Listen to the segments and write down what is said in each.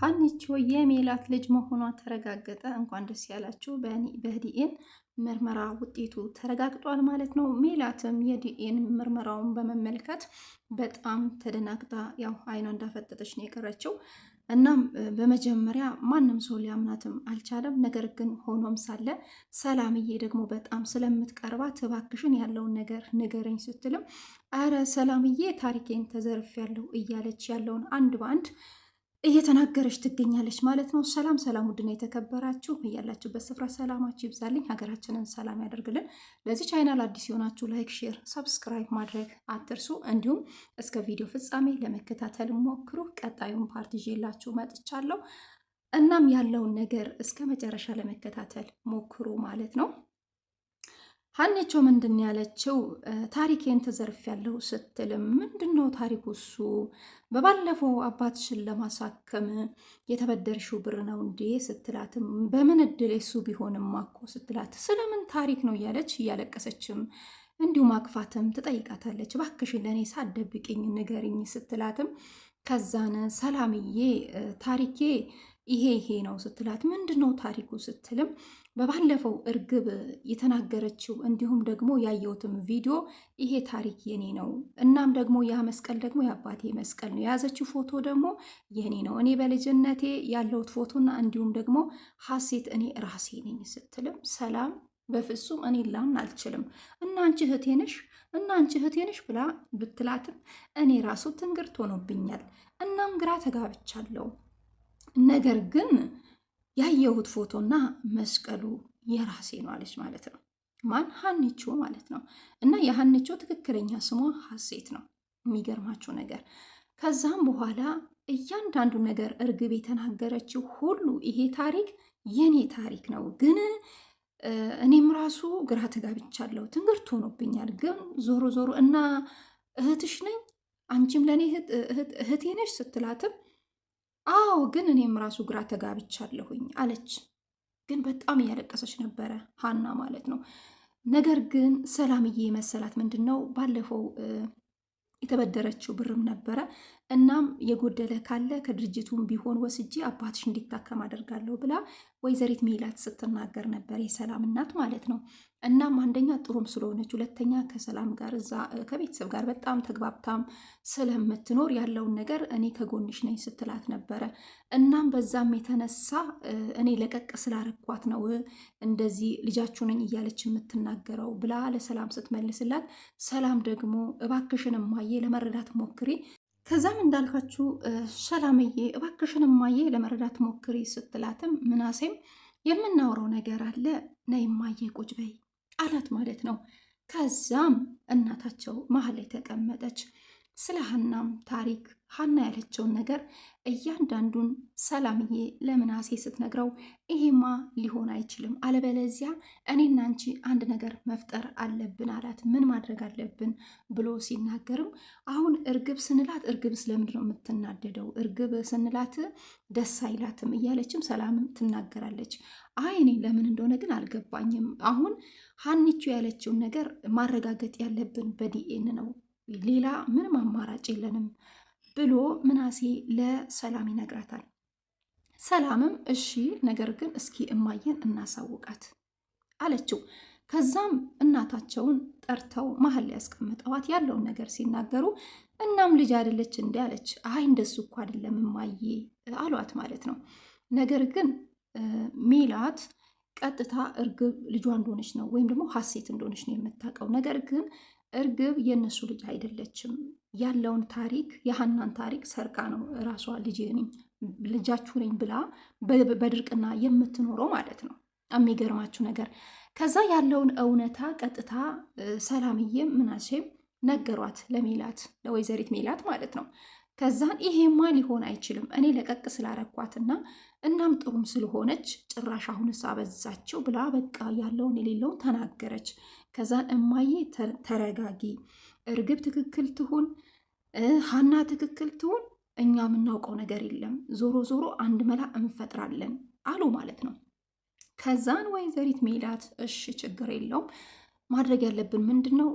ሀኒቾ የሜላት ልጅ መሆኗ ተረጋገጠ። እንኳን ደስ ያላችሁ። በዲኤን ምርመራ ውጤቱ ተረጋግጧል ማለት ነው። ሜላትም የዲኤን ምርመራውን በመመልከት በጣም ተደናግጣ ያው አይኗ እንዳፈጠጠች ነው የቀረችው። እናም በመጀመሪያ ማንም ሰው ሊያምናትም አልቻለም። ነገር ግን ሆኖም ሳለ ሰላምዬ ደግሞ በጣም ስለምትቀርባት እባክሽን ያለውን ነገር ንገረኝ ስትልም አረ ሰላምዬ ታሪኬን ተዘርፍ ያለው እያለች ያለውን አንድ በአንድ እየተናገረች ትገኛለች ማለት ነው። ሰላም ሰላም፣ ውድና የተከበራችሁ እያላችሁበት ስፍራ ሰላማችሁ ይብዛልኝ፣ ሀገራችንን ሰላም ያደርግልን። ለዚህ ቻይናል አዲስ የሆናችሁ ላይክ፣ ሼር፣ ሰብስክራይብ ማድረግ አትርሱ። እንዲሁም እስከ ቪዲዮ ፍጻሜ ለመከታተል ሞክሩ። ቀጣዩን ፓርት ይዤላችሁ መጥቻለሁ። እናም ያለውን ነገር እስከ መጨረሻ ለመከታተል ሞክሩ ማለት ነው። ሀኔቾ ምንድን ያለችው ታሪኬን ትዘርፍ ያለው ስትልም ምንድን ነው ታሪኩ? እሱ በባለፈው አባትሽን ለማሳከም የተበደርሽው ብር ነው እንዴ? ስትላትም በምን እድል እሱ ቢሆንም አኮ ስትላት ስለምን ታሪክ ነው እያለች እያለቀሰችም እንዲሁ ማቅፋትም ትጠይቃታለች። እባክሽን ለእኔ ሳደብቅኝ ንገሪኝ ስትላትም ከዛን ሰላምዬ ታሪኬ ይሄ ይሄ ነው ስትላት ምንድን ነው ታሪኩ ስትልም በባለፈው እርግብ የተናገረችው እንዲሁም ደግሞ ያየሁትም ቪዲዮ ይሄ ታሪክ የኔ ነው። እናም ደግሞ ያ መስቀል ደግሞ የአባቴ መስቀል ነው። የያዘችው ፎቶ ደግሞ የኔ ነው። እኔ በልጅነቴ ያለሁት ፎቶና እንዲሁም ደግሞ ሀሴት እኔ ራሴ ነኝ ስትልም ሰላም በፍጹም እኔ ላምን አልችልም። እናንቺ አንቺ እህቴ ነሽ እህቴ ነሽ ብላ ብትላትም እኔ ራሱ ትንግርት ሆኖብኛል። እናም ግራ ተጋብቻለሁ። ነገር ግን ያየሁት ፎቶና መስቀሉ የራሴ ነው አለች ማለት ነው። ማን ሀንቾ ማለት ነው። እና የሀንቾ ትክክለኛ ስሟ ሀሴት ነው። የሚገርማችሁ ነገር ከዛም በኋላ እያንዳንዱ ነገር እርግብ የተናገረችው ሁሉ ይሄ ታሪክ የኔ ታሪክ ነው፣ ግን እኔም ራሱ ግራ ተጋብቻለሁ፣ ትንግርት ሆኖብኛል። ግን ዞሮ ዞሮ እና እህትሽ ነኝ አንቺም ለእኔ እህቴ ነሽ ስትላትም አዎ ግን እኔም ራሱ ግራ ተጋብቻለሁኝ አለች። ግን በጣም እያለቀሰች ነበረ ሀና ማለት ነው። ነገር ግን ሰላምዬ መሰላት ምንድን ነው ባለፈው የተበደረችው ብርም ነበረ። እናም የጎደለ ካለ ከድርጅቱም ቢሆን ወስጄ አባትሽ እንዲታከም አደርጋለሁ ብላ ወይዘሪት ሚላት ስትናገር ነበር የሰላም እናት ማለት ነው። እናም አንደኛ ጥሩም ስለሆነች፣ ሁለተኛ ከሰላም ጋር እዛ ከቤተሰብ ጋር በጣም ተግባብታም ስለምትኖር ያለውን ነገር እኔ ከጎንሽ ነኝ ስትላት ነበረ። እናም በዛም የተነሳ እኔ ለቀቅ ስላረኳት ነው እንደዚህ ልጃችሁ ነኝ እያለች የምትናገረው ብላ ለሰላም ስትመልስላት፣ ሰላም ደግሞ እባክሽን እማዬ ለመረዳት ሞክሪ ከዛም እንዳልካችሁ ሰላምዬ እባክሽን እማዬ ለመረዳት ሞክሪ ስትላትም ምናሴም የምናውረው ነገር አለ ነይ እማዬ ቁጭ በይ አላት ማለት ነው። ከዛም እናታቸው መሀል ላይ ተቀመጠች። ስለ ሀናም ታሪክ ሀና ያለችውን ነገር እያንዳንዱን ሰላምዬ ለምናሴ ስትነግረው ይሄማ ሊሆን አይችልም፣ አለበለዚያ እኔና አንቺ አንድ ነገር መፍጠር አለብን አላት። ምን ማድረግ አለብን ብሎ ሲናገርም አሁን እርግብ ስንላት እርግብ ስለምንድን ነው የምትናደደው? እርግብ ስንላት ደስ አይላትም እያለችም ሰላምም ትናገራለች። አይ እኔ ለምን እንደሆነ ግን አልገባኝም። አሁን ሀኒቹ ያለችውን ነገር ማረጋገጥ ያለብን በዲኤን ነው ሌላ ምንም አማራጭ የለንም ብሎ ምናሴ ለሰላም ይነግራታል። ሰላምም እሺ ነገር ግን እስኪ እማየን እናሳውቃት አለችው። ከዛም እናታቸውን ጠርተው መሀል ላይ ያስቀምጠዋት ያለውን ነገር ሲናገሩ እናም ልጅ አይደለች እንዴ አለች። አይ እንደሱ እኮ አይደለም እማዬ አሏት ማለት ነው። ነገር ግን ሜላት ቀጥታ እርግብ ልጇ እንደሆነች ነው ወይም ደግሞ ሀሴት እንደሆነች ነው የምታውቀው። ነገር ግን እርግብ የእነሱ ልጅ አይደለችም። ያለውን ታሪክ የሀናን ታሪክ ሰርቃ ነው እራሷ ልጅ ነኝ ልጃችሁ ነኝ ብላ በድርቅና የምትኖረው ማለት ነው። የሚገርማችሁ ነገር ከዛ ያለውን እውነታ ቀጥታ ሰላምዬ ምናሴም ነገሯት ለሜላት ለወይዘሪት ሜላት ማለት ነው። ከዛን ይሄማ ሊሆን አይችልም እኔ ለቀቅ ስላረኳትና እናም ጥሩም ስለሆነች ጭራሽ አሁን አበዛቸው ብላ በቃ ያለውን የሌለውን ተናገረች። ከዛን እማዬ ተረጋጊ፣ እርግብ ትክክል ትሁን፣ ሀና ትክክል ትሁን፣ እኛ የምናውቀው ነገር የለም። ዞሮ ዞሮ አንድ መላ እንፈጥራለን አሉ ማለት ነው። ከዛን ወይዘሪት ሜላት እሺ ችግር የለውም ማድረግ ያለብን ምንድን ነው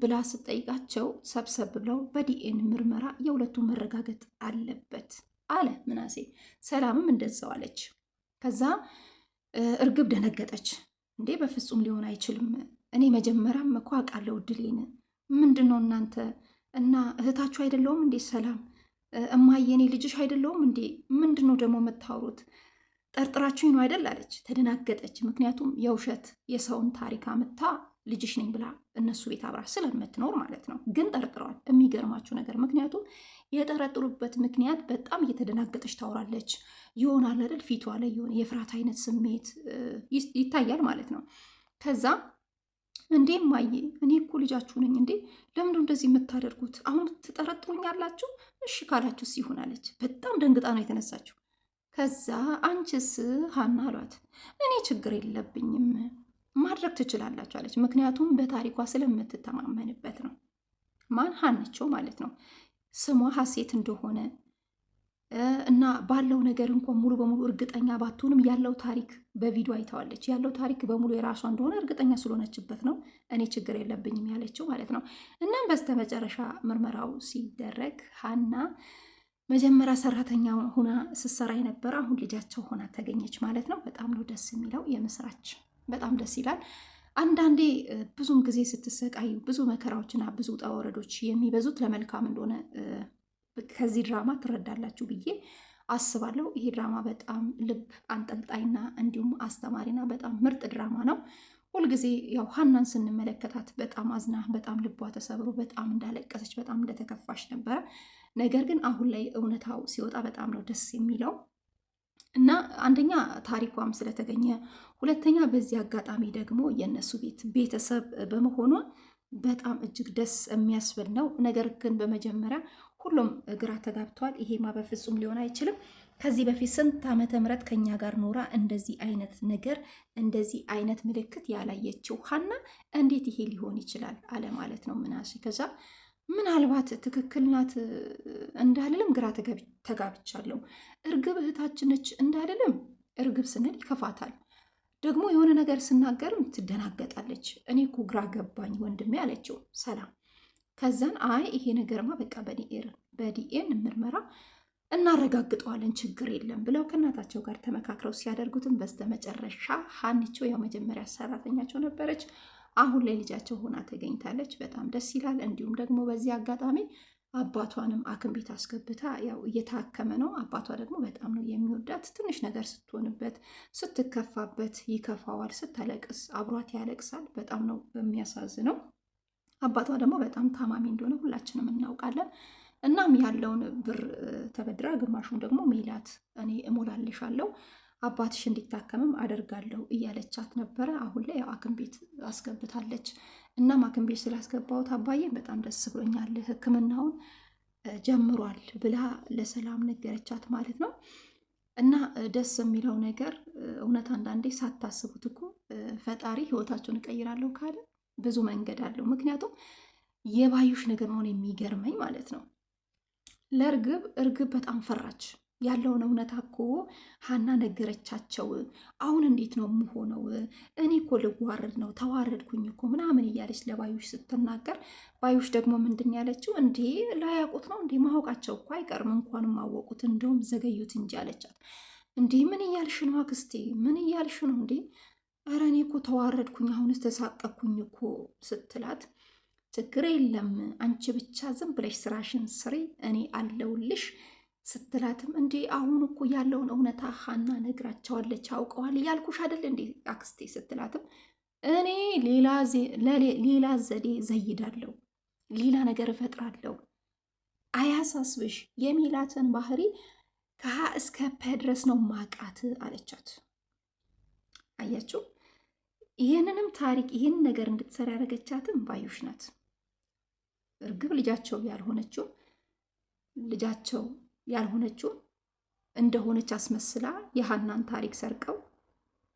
ብላ ስጠይቃቸው ሰብሰብ ብለው በዲኤን ምርመራ የሁለቱ መረጋገጥ አለበት አለ ምናሴ። ሰላምም እንደዛው አለች። ከዛ እርግብ ደነገጠች። እንዴ በፍጹም ሊሆን አይችልም። እኔ መጀመሪያም እኮ አውቃለሁ ድሌን ምንድን ነው እናንተ እና እህታችሁ አይደለውም እንዴ? ሰላም እማዬ እኔ ልጅሽ አይደለውም እንዴ? ምንድን ነው ደግሞ መታወሩት? ጠርጥራችሁኝ ነው አይደል አለች። ተደናገጠች። ምክንያቱም የውሸት የሰውን ታሪክ አምታ ልጅሽ ነኝ ብላ እነሱ ቤት አብራ ስለምትኖር ማለት ነው። ግን ጠርጥረዋል። የሚገርማችሁ ነገር ምክንያቱም የጠረጥሩበት ምክንያት በጣም እየተደናገጠች ታውራለች። ይሆናል አይደል ፊቷ ላይ የሆነ የፍርሃት አይነት ስሜት ይታያል ማለት ነው። ከዛ እንዴ ማየ እኔ እኮ ልጃችሁ ነኝ እንዴ ለምንድን እንደዚህ የምታደርጉት? አሁን ትጠረጥሩኛላችሁ? እሺ ካላችሁ በጣም ደንግጣ ነው የተነሳችው። ከዛ አንቺስ ሀና አሏት። እኔ ችግር የለብኝም ማድረግ ትችላላችሁ አለች። ምክንያቱም በታሪኳ ስለምትተማመንበት ነው። ማን ሀንቸው ማለት ነው ስሟ ሀሴት እንደሆነ እና ባለው ነገር እንኳን ሙሉ በሙሉ እርግጠኛ ባትሆንም ያለው ታሪክ በቪዲዮ አይተዋለች። ያለው ታሪክ በሙሉ የራሷ እንደሆነ እርግጠኛ ስለሆነችበት ነው እኔ ችግር የለብኝም ያለችው ማለት ነው። እናም በስተመጨረሻ ምርመራው ሲደረግ ሀና መጀመሪያ ሰራተኛ ሁና ስትሰራ የነበረ አሁን ልጃቸው ሆና ተገኘች ማለት ነው። በጣም ነው ደስ የሚለው የምስራች፣ በጣም ደስ ይላል። አንዳንዴ ብዙም ጊዜ ስትሰቃዩ ብዙ መከራዎችና ብዙ ውጣ ወረዶች የሚበዙት ለመልካም እንደሆነ ከዚህ ድራማ ትረዳላችሁ ብዬ አስባለሁ። ይሄ ድራማ በጣም ልብ አንጠልጣይና እንዲሁም አስተማሪና በጣም ምርጥ ድራማ ነው። ሁልጊዜ ያው ሀናን ስንመለከታት በጣም አዝና፣ በጣም ልቧ ተሰብሮ፣ በጣም እንዳለቀሰች፣ በጣም እንደተከፋሽ ነበረ። ነገር ግን አሁን ላይ እውነታው ሲወጣ በጣም ነው ደስ የሚለው እና አንደኛ ታሪኳም ስለተገኘ፣ ሁለተኛ በዚህ አጋጣሚ ደግሞ የእነሱ ቤት ቤተሰብ በመሆኗ በጣም እጅግ ደስ የሚያስብል ነው። ነገር ግን በመጀመሪያ ሁሉም ግራ ተጋብተዋል። ይሄማ በፍጹም ሊሆን አይችልም። ከዚህ በፊት ስንት ዓመተ ምህረት ከኛ ጋር ኖራ እንደዚህ አይነት ነገር እንደዚህ አይነት ምልክት ያላየችው ሀና እንዴት ይሄ ሊሆን ይችላል አለ ማለት ነው ምናሴ ከዛ ምናልባት ትክክል ናት እንዳልልም ግራ ተጋብቻለሁ። እርግብ እህታችን ነች እንዳልልም እርግብ ስንል ይከፋታል። ደግሞ የሆነ ነገር ስናገርም ትደናገጣለች። እኔ እኮ ግራ ገባኝ ወንድሜ አለችው ሰላም። ከዛን አይ ይሄ ነገርማ በቃ በዲኤን ምርመራ እናረጋግጠዋለን ችግር የለም ብለው ከእናታቸው ጋር ተመካክረው ሲያደርጉትም በስተመጨረሻ ሀኒቾ ያው መጀመሪያ ሰራተኛቸው ነበረች አሁን ላይ ልጃቸው ሆና ተገኝታለች። በጣም ደስ ይላል። እንዲሁም ደግሞ በዚህ አጋጣሚ አባቷንም አክም ቤት አስገብታ ያው እየታከመ ነው። አባቷ ደግሞ በጣም ነው የሚወዳት። ትንሽ ነገር ስትሆንበት፣ ስትከፋበት ይከፋዋል። ስታለቅስ አብሯት ያለቅሳል። በጣም ነው የሚያሳዝነው። አባቷ ደግሞ በጣም ታማሚ እንደሆነ ሁላችንም እናውቃለን። እናም ያለውን ብር ተበድራ ግማሹን ደግሞ ሜላት እኔ እሞላልሻለሁ አባትሽ እንዲታከምም አደርጋለሁ እያለቻት ነበረ። አሁን ላይ ያው ሐኪም ቤት አስገብታለች። እናም ሐኪም ቤት ስላስገባሁት አባዬ በጣም ደስ ብሎኛል፣ ሕክምናውን ጀምሯል ብላ ለሰላም ነገረቻት ማለት ነው። እና ደስ የሚለው ነገር እውነት አንዳንዴ ሳታስቡት እኮ ፈጣሪ ህይወታቸውን እቀይራለሁ ካለ ብዙ መንገድ አለው። ምክንያቱም የባዩሽ ነገር መሆን የሚገርመኝ ማለት ነው ለእርግብ እርግብ በጣም ፈራች። ያለውን እውነታ እኮ ሀና ነገረቻቸው። አሁን እንዴት ነው የምሆነው? እኔ እኮ ልዋረድ ነው ተዋረድኩኝ እኮ ምናምን እያለች ለባዩሽ ስትናገር፣ ባዩሽ ደግሞ ምንድን ያለችው እንዴ ላያውቁት ነው እንዴ ማወቃቸው እኮ አይቀርም እንኳን አወቁት እንደውም ዘገዩት እንጂ አለቻት። እንዴ ምን እያልሽ ነው አክስቴ? ምን እያልሽ ነው እንዴ? ኧረ እኔ እኮ ተዋረድኩኝ፣ አሁንስ ተሳቀኩኝ እኮ ስትላት ችግር የለም አንቺ ብቻ ዝም ብለሽ ስራሽን ስሪ፣ እኔ አለውልሽ ስትላትም እንዴ አሁን እኮ ያለውን እውነታ ሀና ነግራቸዋለች፣ አውቀዋል እያልኩሽ አደል እንዴ አክስቴ ስትላትም እኔ ሌላ ዘዴ ዘይዳለው ሌላ ነገር እፈጥራለው አያሳስብሽ የሚላትን ባህሪ ከሀ እስከ ፐ ድረስ ነው ማቃት አለቻት። አያችሁ፣ ይህንንም ታሪክ ይህን ነገር እንድትሰራ ያደረገቻትም ባዩሽ ናት። እርግብ ልጃቸው ያልሆነችው ልጃቸው ያልሆነችው እንደሆነች አስመስላ የሀናን ታሪክ ሰርቀው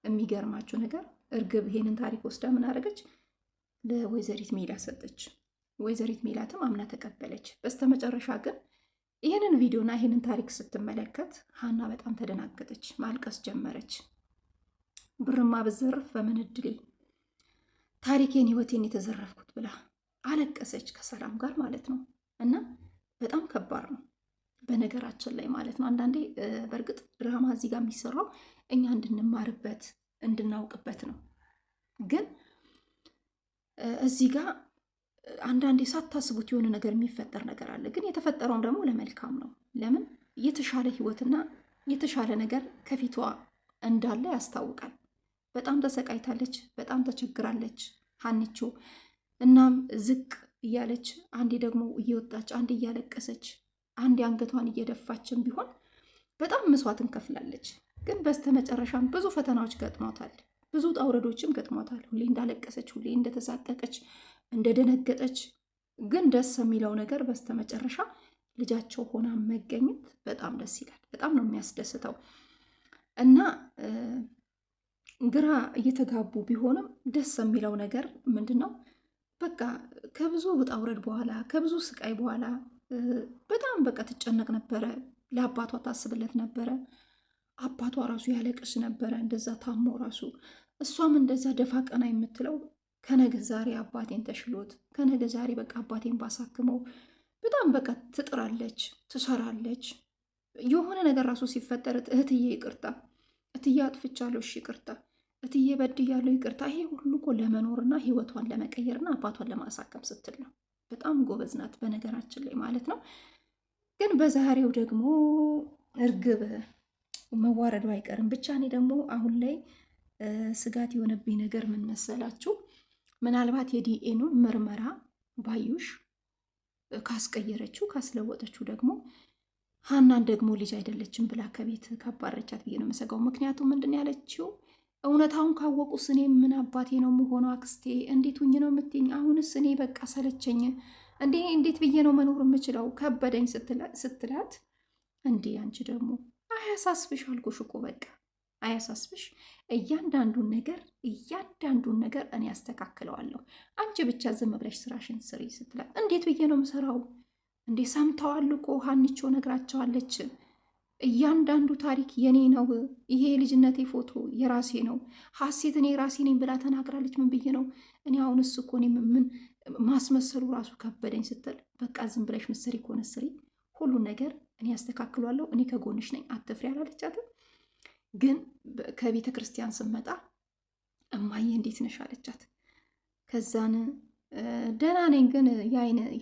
የሚገርማችሁ ነገር እርግብ ይሄንን ታሪክ ወስዳ ምን አደረገች? ለወይዘሪት ሜላት ሰጠች። ወይዘሪት ሜላትም አምና ተቀበለች። በስተመጨረሻ ግን ይህንን ቪዲዮና ይህንን ታሪክ ስትመለከት ሀና በጣም ተደናገጠች፣ ማልቀስ ጀመረች። ብርማ ብዘረፍ በምን እድሌ ታሪኬን ህይወቴን የተዘረፍኩት ብላ አለቀሰች፣ ከሰላም ጋር ማለት ነው። እና በጣም ከባድ ነው። በነገራችን ላይ ማለት ነው። አንዳንዴ በእርግጥ ድራማ እዚህ ጋር የሚሰራው እኛ እንድንማርበት እንድናውቅበት ነው። ግን እዚህ ጋር አንዳንዴ ሳታስቡት የሆነ ነገር የሚፈጠር ነገር አለ። ግን የተፈጠረውም ደግሞ ለመልካም ነው። ለምን የተሻለ ህይወትና የተሻለ ነገር ከፊቷ እንዳለ ያስታውቃል። በጣም ተሰቃይታለች፣ በጣም ተቸግራለች ሀኒቾ። እናም ዝቅ እያለች አንዴ ደግሞ እየወጣች አንዴ እያለቀሰች አንድ አንገቷን እየደፋችን ቢሆን በጣም መስዋዕት እንከፍላለች። ግን በስተመጨረሻም ብዙ ፈተናዎች ገጥሟታል፣ ብዙ ጣውረዶችም ገጥሟታል። ሁሌ እንዳለቀሰች፣ ሁሌ እንደተሳቀቀች፣ እንደደነገጠች። ግን ደስ የሚለው ነገር በስተመጨረሻ ልጃቸው ሆና መገኘት በጣም ደስ ይላል። በጣም ነው የሚያስደስተው እና ግራ እየተጋቡ ቢሆንም ደስ የሚለው ነገር ምንድን ነው? በቃ ከብዙ ውጣ ውረድ በኋላ ከብዙ ስቃይ በኋላ በጣም በቃ ትጨነቅ ነበረ። ለአባቷ ታስብለት ነበረ። አባቷ ራሱ ያለቅስ ነበረ እንደዛ ታሞ ራሱ እሷም እንደዛ ደፋ ቀና የምትለው ከነገ ዛሬ አባቴን ተሽሎት ከነገ ዛሬ በቃ አባቴን ባሳክመው በጣም በቃ ትጥራለች፣ ትሰራለች። የሆነ ነገር ራሱ ሲፈጠር እህትዬ ይቅርታ፣ እትዬ አጥፍቻለሁ፣ እሺ ይቅርታ፣ እትዬ በድያለሁ፣ ይቅርታ። ይሄ ሁሉ እኮ ለመኖርና ህይወቷን ለመቀየርና አባቷን ለማሳከም ስትል ነው። በጣም ጎበዝ ናት በነገራችን ላይ ማለት ነው። ግን በዛሬው ደግሞ እርግብ መዋረዱ አይቀርም። ብቻ እኔ ደግሞ አሁን ላይ ስጋት የሆነብኝ ነገር ምን መሰላችሁ? ምናልባት የዲኤኑን ምርመራ ባዩሽ ካስቀየረችው ካስለወጠችው ደግሞ ሀናን ደግሞ ልጅ አይደለችም ብላ ከቤት ካባረቻት ብዬ ነው የምሰጋው። ምክንያቱም ምንድን ያለችው እውነታውን ካወቁስ እኔ ምን አባቴ ነው የምሆነው? አክስቴ እንዴት ሁኝ ነው የምትኝ? አሁንስ እኔ በቃ ሰለቸኝ እንዴ! እንዴት ብዬ ነው መኖር የምችለው? ከበደኝ ስትላት፣ እንዴ አንቺ ደግሞ አያሳስብሽ አልኩሽ እኮ በቃ አያሳስብሽ። እያንዳንዱን ነገር እያንዳንዱን ነገር እኔ አስተካክለዋለሁ። አንቺ ብቻ ዝም ብለሽ ስራሽን ስሪ ስትላት፣ እንዴት ብዬ ነው የምሰራው? እንዴ ሰምተዋል እኮ ሀኒቾ ነግራቸዋለች። እያንዳንዱ ታሪክ የኔ ነው። ይሄ የልጅነቴ ፎቶ የራሴ ነው። ሀሴት እኔ ራሴ ነኝ ብላ ተናግራለች። ምን ብዬ ነው እኔ አሁንስ እኮ እኔ ምን ማስመሰሉ ራሱ ከበደኝ ስትል በቃ ዝም ብለሽ ምስሪ እኮ ነስሪ፣ ሁሉን ነገር እኔ ያስተካክሏለሁ፣ እኔ ከጎንሽ ነኝ፣ አትፍሪ አላለቻትም። ግን ከቤተ ክርስቲያን ስመጣ እማዬ እንዴት ነሽ አለቻት። ከዛን ደህና ነኝ ግን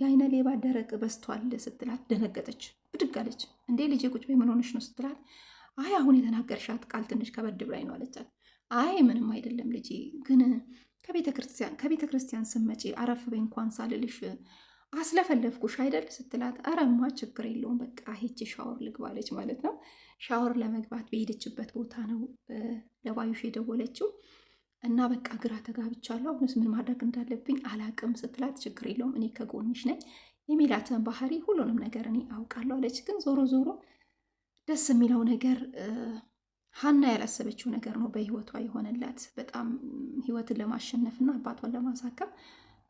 የአይነ ሌባ ደረቅ በስቷል ስትላት ደነገጠች። ብድግ አለች። እንዴ ልጄ ቁጭ በይ ምን ሆነሽ ነው ስትላት፣ አይ አሁን የተናገርሻት ቃል ትንሽ ከበድ ብላኝ ነው አለቻት። አይ ምንም አይደለም ልጄ፣ ግን ከቤተ ክርስቲያን ስመጪ አረፍ በይ እንኳን ሳልልሽ አስለፈለፍኩሽ አይደል ስትላት፣ አረማ ችግር የለውም በቃ ሄቼ ሻወር ልግባለች ማለት ነው። ሻወር ለመግባት በሄደችበት ቦታ ነው ለባዩሽ የደወለችው እና በቃ ግራ ተጋብቻለሁ፣ አሁንስ ምን ማድረግ እንዳለብኝ አላቅም ስትላት፣ ችግር የለውም እኔ ከጎንሽ ነኝ የሚላትን ባህሪ ሁሉንም ነገር እኔ አውቃለሁ አለች። ግን ዞሮ ዞሮ ደስ የሚለው ነገር ሀና ያላሰበችው ነገር ነው በህይወቷ የሆነላት። በጣም ህይወትን ለማሸነፍ እና አባቷን ለማሳከም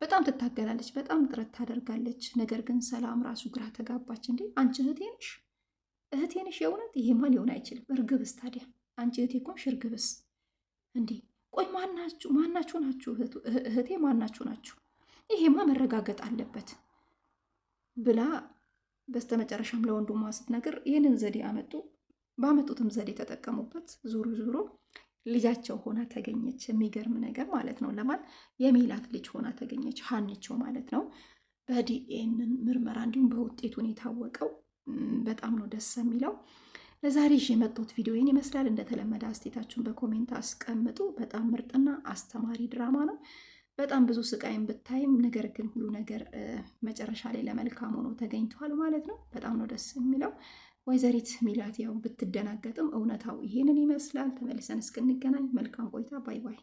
በጣም ትታገላለች፣ በጣም ጥረት ታደርጋለች። ነገር ግን ሰላም ራሱ ግራ ተጋባች። እንዴ አንቺ እህቴ ነሽ እህቴ ነሽ? የእውነት ይሄማ ሊሆን አይችልም። እርግብስ ታዲያ አንቺ እህቴ ኮንሽ እርግብስ? እንዴ ቆይ ማናችሁ ማናችሁ ናችሁ? እህቴ ማናችሁ ናችሁ? ይሄማ መረጋገጥ አለበት ብላ በስተመጨረሻም ለወንድሟ ስትነግር ይህንን ዘዴ አመጡ። ባመጡትም ዘዴ ተጠቀሙበት። ዙሩ ዙሩ ልጃቸው ሆና ተገኘች። የሚገርም ነገር ማለት ነው። ለማን የሚላት ልጅ ሆና ተገኘች፣ ሀንቸው ማለት ነው። በዲኤን ምርመራ እንዲሁም በውጤቱን የታወቀው በጣም ነው ደስ የሚለው። ለዛሬ ይዤ የመጣሁት ቪዲዮ ይህን ይመስላል። እንደተለመደ አስቴታችሁን በኮሜንት አስቀምጡ። በጣም ምርጥና አስተማሪ ድራማ ነው። በጣም ብዙ ስቃይም ብታይም ነገር ግን ሁሉ ነገር መጨረሻ ላይ ለመልካም ሆኖ ተገኝተዋል ማለት ነው። በጣም ነው ደስ የሚለው። ወይዘሪት ሚላት ያው ብትደናገጥም እውነታው ይሄንን ይመስላል። ተመልሰን እስክንገናኝ መልካም ቆይታ። ባይ ባይ።